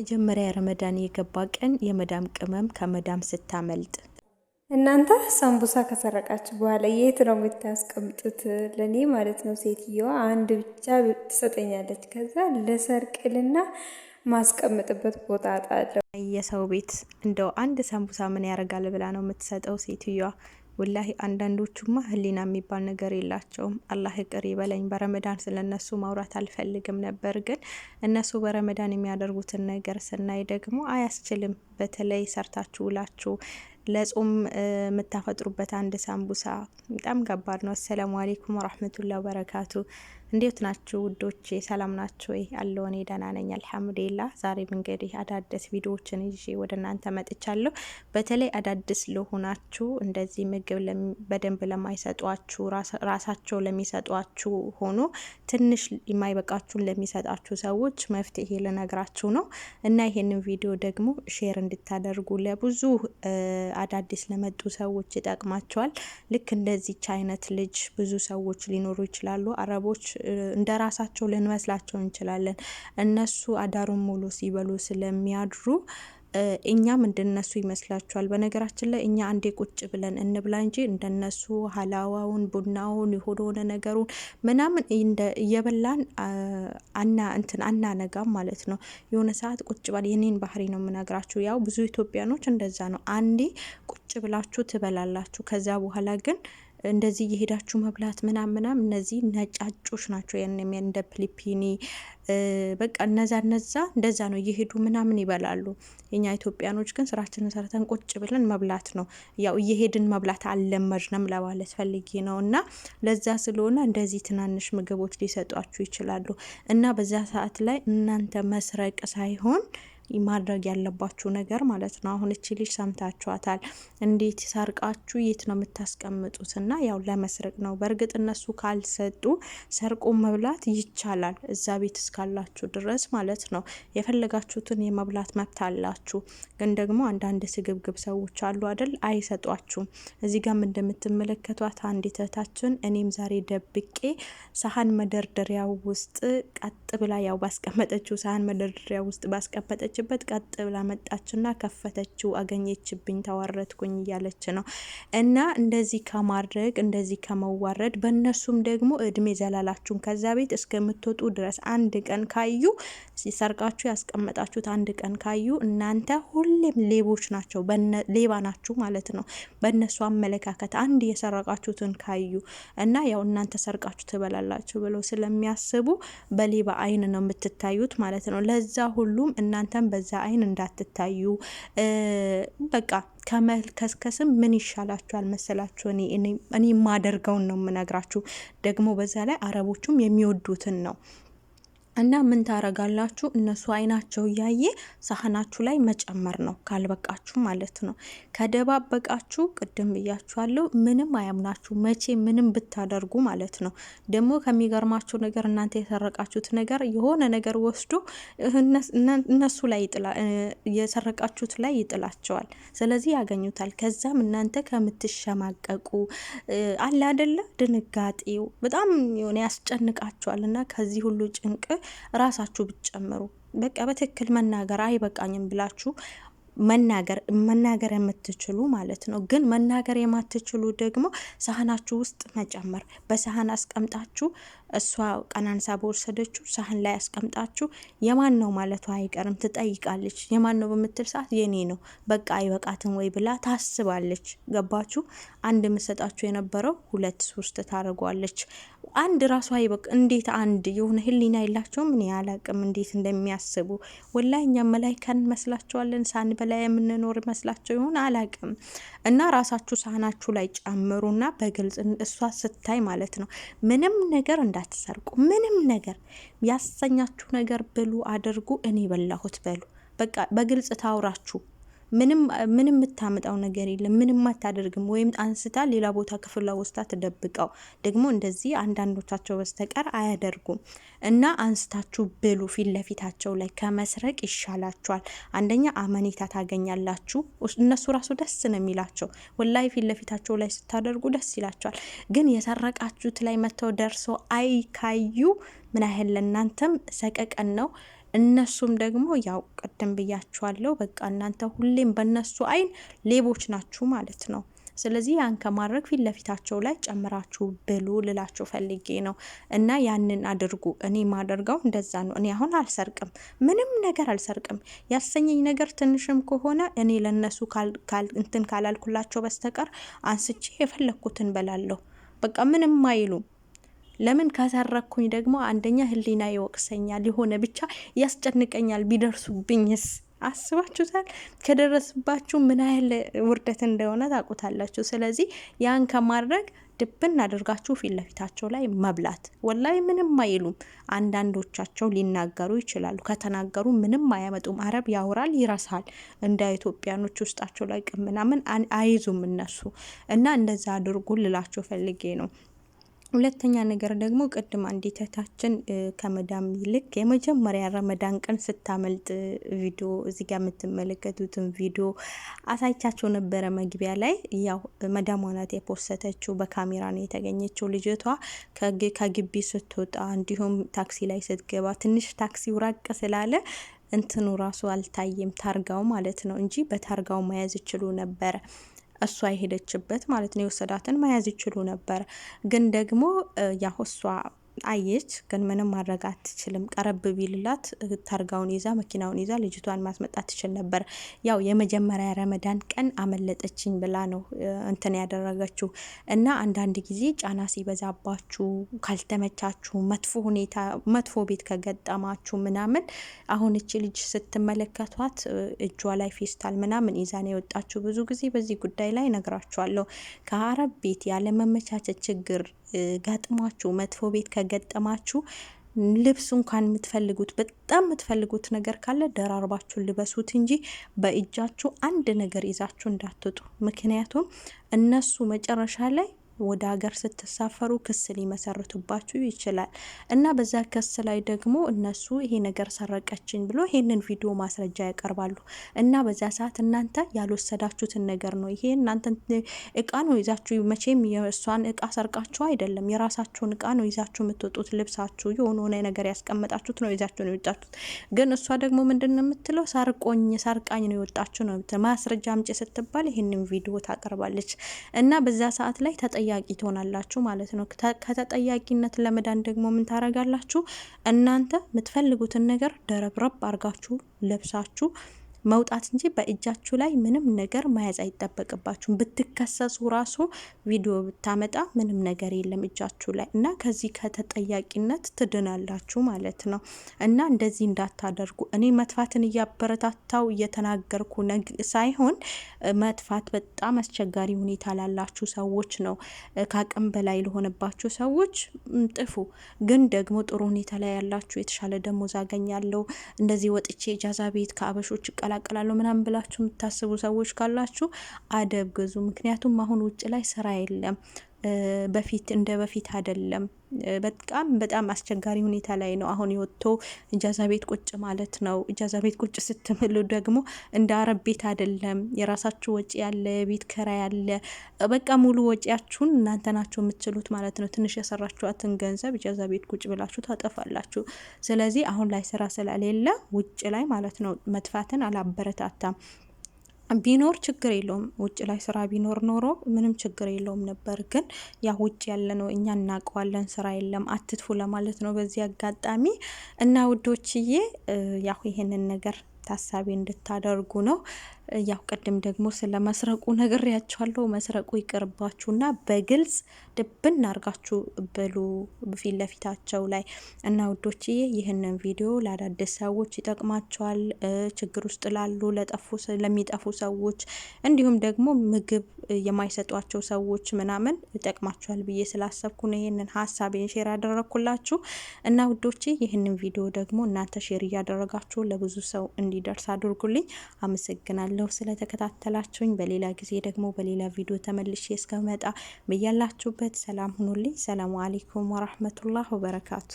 መጀመሪያ ረመዳን የገባ ቀን የመዳም ቅመም ከመዳም ስታመልጥ እናንተ ሳምቡሳ ከሰረቃችሁ በኋላ የት ነው የምታስቀምጡት? ለእኔ ማለት ነው። ሴትየዋ አንድ ብቻ ትሰጠኛለች። ከዛ ለሰርቅልና ማስቀምጥበት ቦታ አጣለሁ። የሰው ቤት እንደው አንድ ሳምቡሳ ምን ያደርጋል ብላ ነው የምትሰጠው ሴትዮዋ። ወላሂ አንዳንዶቹማ ህሊና የሚባል ነገር የላቸውም። አላህ ይቅር ይበለኝ። በረመዳን ስለነሱ ማውራት አልፈልግም ነበር፣ ግን እነሱ በረመዳን የሚያደርጉትን ነገር ስናይ ደግሞ አያስችልም። በተለይ ሰርታችሁ ውላችሁ ለጾም የምታፈጥሩበት አንድ ሳምቡሳ በጣም ከባድ ነው። አሰላሙ አሌይኩም ወራህመቱላ በረካቱ እንዴት ናችሁ ውዶቼ? ሰላም ናችሁ ወይ? አለው እኔ ደህና ነኝ አልሐምዱሊላህ። ዛሬም እንግዲህ አዳዲስ ቪዲዮዎችን ይዤ ወደ እናንተ መጥቻለሁ። በተለይ አዳዲስ ለሆናችሁ እንደዚህ ምግብ በደንብ ለማይሰጧችሁ፣ ራሳቸው ለሚሰጧችሁ ሆኖ ትንሽ የማይበቃችሁን ለሚሰጣችሁ ሰዎች መፍትሄ ልነግራችሁ ነው እና ይሄንን ቪዲዮ ደግሞ ሼር እንድታደርጉ ለብዙ አዳዲስ ለመጡ ሰዎች ይጠቅማቸዋል። ልክ እንደዚች አይነት ልጅ ብዙ ሰዎች ሊኖሩ ይችላሉ አረቦች እንደ ራሳቸው ልንመስላቸው እንችላለን። እነሱ አዳሩን ሙሉ ሲበሉ ስለሚያድሩ እኛም እንደነሱ ይመስላችኋል። በነገራችን ላይ እኛ አንዴ ቁጭ ብለን እንብላ እንጂ እንደነሱ ሀላዋውን፣ ቡናውን የሆነ ነገሩን ምናምን እየበላን አና እንትን አናነጋም ማለት ነው። የሆነ ሰዓት ቁጭ ባል የኔን ባህሪ ነው የምነግራችሁ። ያው ብዙ ኢትዮጵያኖች እንደዛ ነው። አንዴ ቁጭ ብላችሁ ትበላላችሁ። ከዛ በኋላ ግን እንደዚህ እየሄዳችሁ መብላት ምናም ምናም እነዚህ ነጫጮች ናቸው። ያንም እንደ ፊሊፒኒ በቃ እነዛ እነዛ እንደዛ ነው እየሄዱ ምናምን ይበላሉ። የኛ ኢትዮጵያኖች ግን ስራችንን ሰርተን ቁጭ ብለን መብላት ነው። ያው እየሄድን መብላት አልለመድንም ለማለት ፈልጌ ነው። እና ለዛ ስለሆነ እንደዚህ ትናንሽ ምግቦች ሊሰጧችሁ ይችላሉ። እና በዛ ሰዓት ላይ እናንተ መስረቅ ሳይሆን ማድረግ ያለባችሁ ነገር ማለት ነው። አሁን እቺ ልጅ ሰምታችኋታል። እንዴት ሰርቃችሁ የት ነው የምታስቀምጡት? እና ያው ለመስረቅ ነው። በእርግጥ እነሱ ካልሰጡ ሰርቆ መብላት ይቻላል፣ እዛ ቤት እስካላችሁ ድረስ ማለት ነው። የፈለጋችሁትን የመብላት መብት አላችሁ። ግን ደግሞ አንዳንድ ስግብግብ ሰዎች አሉ አይደል? አይሰጧችሁም። እዚህ ጋም እንደምትመለከቷት አንዲት እህታችን እኔም ዛሬ ደብቄ ሳህን መደርደሪያ ውስጥ ቀጥ ብላ ያው ባስቀመጠችው ሳህን መደርደሪያ ውስጥ ባስቀመጠችው ካለችበት ቀጥ ብላ መጣችና ከፈተችው። አገኘችብኝ ተዋረድኩኝ እያለች ነው። እና እንደዚህ ከማድረግ እንደዚህ ከመዋረድ በእነሱም ደግሞ እድሜ ዘላላችሁን ከዛ ቤት እስከምትወጡ ድረስ አንድ ቀን ካዩ ሲሰርቃችሁ ያስቀመጣችሁት አንድ ቀን ካዩ እናንተ ሁሌም ሌቦች ናቸው፣ ሌባ ናችሁ ማለት ነው። በእነሱ አመለካከት አንድ የሰረቃችሁትን ካዩ እና ያው እናንተ ሰርቃችሁ ትበላላችሁ ብለው ስለሚያስቡ በሌባ አይን ነው የምትታዩት ማለት ነው። ለዛ ሁሉም እናንተን በዛ አይን እንዳትታዩ በቃ ከመልከስከስም ምን ይሻላችኋል መሰላችሁ? እኔ የማደርገውን ነው የምነግራችሁ። ደግሞ በዛ ላይ አረቦቹም የሚወዱትን ነው እና ምን ታረጋላችሁ? እነሱ አይናቸው እያየ ሳህናችሁ ላይ መጨመር ነው፣ ካልበቃችሁ ማለት ነው። ከደባበቃችሁ ቅድም ብያችኋለሁ፣ ምንም አያምናችሁ መቼ ምንም ብታደርጉ ማለት ነው። ደግሞ ከሚገርማችሁ ነገር እናንተ የሰረቃችሁት ነገር የሆነ ነገር ወስዶ እነሱ ላይ የሰረቃችሁት ላይ ይጥላቸዋል። ስለዚህ ያገኙታል። ከዛም እናንተ ከምትሸማቀቁ አለ አደለ ድንጋጤው በጣም የሆነ ያስጨንቃቸዋል እና ከዚህ ሁሉ ጭንቅ ራሳችሁ ብትጨምሩ በቃ በትክክል መናገር አይበቃኝም ብላችሁ መናገር መናገር የምትችሉ ማለት ነው። ግን መናገር የማትችሉ ደግሞ ሳህናችሁ ውስጥ መጨመር በሳህን አስቀምጣችሁ እሷ ቀናንሳ በወሰደችው ሳህን ላይ አስቀምጣችሁ የማን ነው ማለቷ አይቀርም። ትጠይቃለች። የማን ነው በምትል ሰዓት የኔ ነው በቃ አይበቃትም ወይ ብላ ታስባለች። ገባችሁ? አንድ የምሰጣችሁ የነበረው ሁለት ሶስት ታደርጓለች። አንድ ራሱ አይበቅ እንዴት አንድ የሆነ ህሊና የላቸውም። እኔ አላቅም እንዴት እንደሚያስቡ ወላሂ። እኛ መላይካ እንመስላቸዋለን በላይ የምንኖር መስላቸው ይሆን አላቅም። እና ራሳችሁ ሳህናችሁ ላይ ጨምሩና በግልጽ እሷ ስታይ ማለት ነው ምንም ነገር እንዳትሰርቁ፣ ምንም ነገር ያሰኛችሁ ነገር ብሉ፣ አድርጉ። እኔ በላሁት በሉ በቃ በግልጽ ታውራችሁ ምንም ምንም የምታምጣው ነገር የለም። ምንም አታደርግም። ወይም አንስታ ሌላ ቦታ ክፍሏ ወስታ ትደብቀው። ደግሞ እንደዚህ አንዳንዶቻቸው በስተቀር አያደርጉም። እና አንስታችሁ ብሉ ፊት ለፊታቸው ላይ ከመስረቅ ይሻላችኋል። አንደኛ አመኔታ ታገኛላችሁ። እነሱ ራሱ ደስ ነው የሚላቸው። ወላይ ፊት ለፊታቸው ላይ ስታደርጉ ደስ ይላቸዋል። ግን የሰረቃችሁት ላይ መጥተው ደርሶ አይካዩ ምን ያህል ለእናንተም ሰቀቀን ነው። እነሱም ደግሞ ያው ቅድም ብያችኋለሁ፣ በቃ እናንተ ሁሌም በእነሱ አይን ሌቦች ናችሁ ማለት ነው። ስለዚህ ያን ከማድረግ ፊት ለፊታቸው ላይ ጨምራችሁ ብሉ ልላችሁ ፈልጌ ነው። እና ያንን አድርጉ። እኔ ማደርገው እንደዛ ነው። እኔ አሁን አልሰርቅም፣ ምንም ነገር አልሰርቅም። ያሰኘኝ ነገር ትንሽም ከሆነ እኔ ለነሱ እንትን ካላልኩላቸው በስተቀር አንስቼ የፈለግኩትን በላለሁ። በቃ ምንም አይሉም። ለምን ካሰረኩኝ ደግሞ አንደኛ ህሊና ይወቅሰኛል፣ የሆነ ብቻ ያስጨንቀኛል። ቢደርሱብኝስ አስባችሁታል? ከደረስባችሁ ምን ያህል ውርደት እንደሆነ ታውቁታላችሁ። ስለዚህ ያን ከማድረግ ድብን አድርጋችሁ ፊት ለፊታቸው ላይ መብላት። ወላይ ምንም አይሉም። አንዳንዶቻቸው ሊናገሩ ይችላሉ። ከተናገሩ ምንም አያመጡም። አረብ ያወራል ይረሳል። እንደ ኢትዮጵያኖች ውስጣቸው ላይ ቅምናምን አይዙም እነሱ እና እንደዛ አድርጉ ልላቸው ፈልጌ ነው። ሁለተኛ ነገር ደግሞ ቅድም አንዲት እህታችን ከመዳም ይልቅ የመጀመሪያ ረመዳን ቀን ስታመልጥ ቪዲዮ እዚህ ጋር የምትመለከቱትን ቪዲዮ አሳይቻቸው ነበረ። መግቢያ ላይ ያው መዳም ሆናት የፖሰተችው፣ በካሜራ ነው የተገኘችው ልጅቷ ከግቢ ስትወጣ፣ እንዲሁም ታክሲ ላይ ስትገባ ትንሽ ታክሲው ራቅ ስላለ እንትኑ ራሱ አልታየም ታርጋው ማለት ነው እንጂ በታርጋው መያዝ ይችሉ ነበረ። እሷ የሄደችበት ማለት ነው የወሰዳትን መያዝ ይችሉ ነበር። ግን ደግሞ ያው እሷ አየች፣ ግን ምንም ማድረግ አትችልም። ቀረብ ቢልላት ታርጋውን ይዛ መኪናውን ይዛ ልጅቷን ማስመጣት ትችል ነበር። ያው የመጀመሪያ ረመዳን ቀን አመለጠችኝ ብላ ነው እንትን ያደረገችው እና አንዳንድ ጊዜ ጫና ሲበዛባችሁ ካልተመቻችሁ፣ መጥፎ ሁኔታ መጥፎ ቤት ከገጠማችሁ ምናምን አሁን እቺ ልጅ ስትመለከቷት እጇ ላይ ፌስታል ምናምን ይዛን የወጣችሁ ብዙ ጊዜ በዚህ ጉዳይ ላይ ነግራችኋለሁ። ከአረብ ቤት ያለመመቻቸት ችግር ገጥሟችሁ መጥፎ ቤት ከገጠማችሁ ልብስ እንኳን የምትፈልጉት በጣም የምትፈልጉት ነገር ካለ ደራርባችሁ ልበሱት እንጂ በእጃችሁ አንድ ነገር ይዛችሁ እንዳትጡ። ምክንያቱም እነሱ መጨረሻ ላይ ወደ ሀገር ስትሳፈሩ ክስ ሊመሰርቱባችሁ ይችላል እና በዛ ክስ ላይ ደግሞ እነሱ ይሄ ነገር ሰረቀችኝ ብሎ ይሄንን ቪዲዮ ማስረጃ ያቀርባሉ እና በዛ ሰዓት እናንተ ያልወሰዳችሁትን ነገር ነው። ይሄ እናንተ እቃ ነው ይዛችሁ መቼም የእሷን እቃ ሰርቃችሁ አይደለም፣ የራሳችሁን እቃ ነው ይዛችሁ የምትወጡት። ልብሳችሁ የሆነ ሆነ ነገር ያስቀመጣችሁት ነው ይዛችሁ ነው የወጣችሁት። ግን እሷ ደግሞ ምንድን ነው የምትለው? ሰርቆኝ ሰርቃኝ ነው የወጣችሁ ነው። ማስረጃ አምጪ ስትባል ይህንን ቪዲዮ ታቀርባለች እና በዛ ሰዓት ላይ ተጠያ ተጠያቂ ትሆናላችሁ ማለት ነው። ከተጠያቂነት ለመዳን ደግሞ ምን ታረጋላችሁ? እናንተ የምትፈልጉትን ነገር ደረብረብ አርጋችሁ ለብሳችሁ መውጣት እንጂ በእጃችሁ ላይ ምንም ነገር መያዝ አይጠበቅባችሁም። ብትከሰሱ ራሱ ቪዲዮ ብታመጣ ምንም ነገር የለም እጃችሁ ላይ እና ከዚህ ከተጠያቂነት ትድናላችሁ ማለት ነው። እና እንደዚህ እንዳታደርጉ እኔ መጥፋትን እያበረታታው እየተናገርኩ ሳይሆን መጥፋት በጣም አስቸጋሪ ሁኔታ ላላችሁ ሰዎች ነው፣ ከአቅም በላይ ለሆነባችሁ ሰዎች ጥፉ። ግን ደግሞ ጥሩ ሁኔታ ላይ ያላችሁ የተሻለ ደሞዝ አገኛለሁ እንደዚህ ወጥቼ ጃዛ ቤት ከአበሾች እቀላቀላለሁ ምናምን ብላችሁ የምታስቡ ሰዎች ካላችሁ አደብ ግዙ። ምክንያቱም አሁን ውጭ ላይ ስራ የለም። በፊት እንደ በፊት አይደለም። በጣም በጣም አስቸጋሪ ሁኔታ ላይ ነው አሁን የወጥቶ እጃዛ ቤት ቁጭ ማለት ነው። እጃዛ ቤት ቁጭ ስትምሉ ደግሞ እንደ አረብ ቤት አይደለም። የራሳችሁ ወጪ ያለ፣ የቤት ኪራይ ያለ፣ በቃ ሙሉ ወጪያችሁን እናንተ ናቸው የምትችሉት ማለት ነው። ትንሽ የሰራችኋትን ገንዘብ እጃዛ ቤት ቁጭ ብላችሁ ታጠፋላችሁ። ስለዚህ አሁን ላይ ስራ ስለሌለ ውጭ ላይ ማለት ነው መጥፋትን አላበረታታም። ቢኖር ችግር የለውም። ውጭ ላይ ስራ ቢኖር ኖሮ ምንም ችግር የለውም ነበር። ግን ያ ውጭ ያለ ነው፣ እኛ እናውቀዋለን። ስራ የለም አትትፉ ለማለት ነው በዚህ አጋጣሚ እና ውዶችዬ፣ ያው ይሄንን ነገር ታሳቢ እንድታደርጉ ነው። ያው ቅድም ደግሞ ስለ መስረቁ ነግሬያቸዋለሁ። መስረቁ ይቅርባችሁና በግልጽ ድብን አርጋችሁ ብሉ ፊት ለፊታቸው ላይ እና ውዶችዬ፣ ይህንን ቪዲዮ ለአዳዲስ ሰዎች ይጠቅማቸዋል። ችግር ውስጥ ላሉ ለሚጠፉ ሰዎች እንዲሁም ደግሞ ምግብ የማይሰጧቸው ሰዎች ምናምን ይጠቅማቸዋል ብዬ ስላሰብኩ ነው ይህንን ሀሳቤን ሼር ያደረግኩላችሁ እና ውዶቼ፣ ይህንን ቪዲዮ ደግሞ እናንተ ሼር እያደረጋችሁ ለብዙ ሰው እንዲደርስ አድርጉልኝ። አመሰግናለሁ። አመሰግናለሁ ስለተከታተላችሁኝ። በሌላ ጊዜ ደግሞ በሌላ ቪዲዮ ተመልሼ እስከመጣ በያላችሁበት ሰላም ሁኑልኝ። ሰላሙ አሌይኩም ወራህመቱላህ ወበረካቱ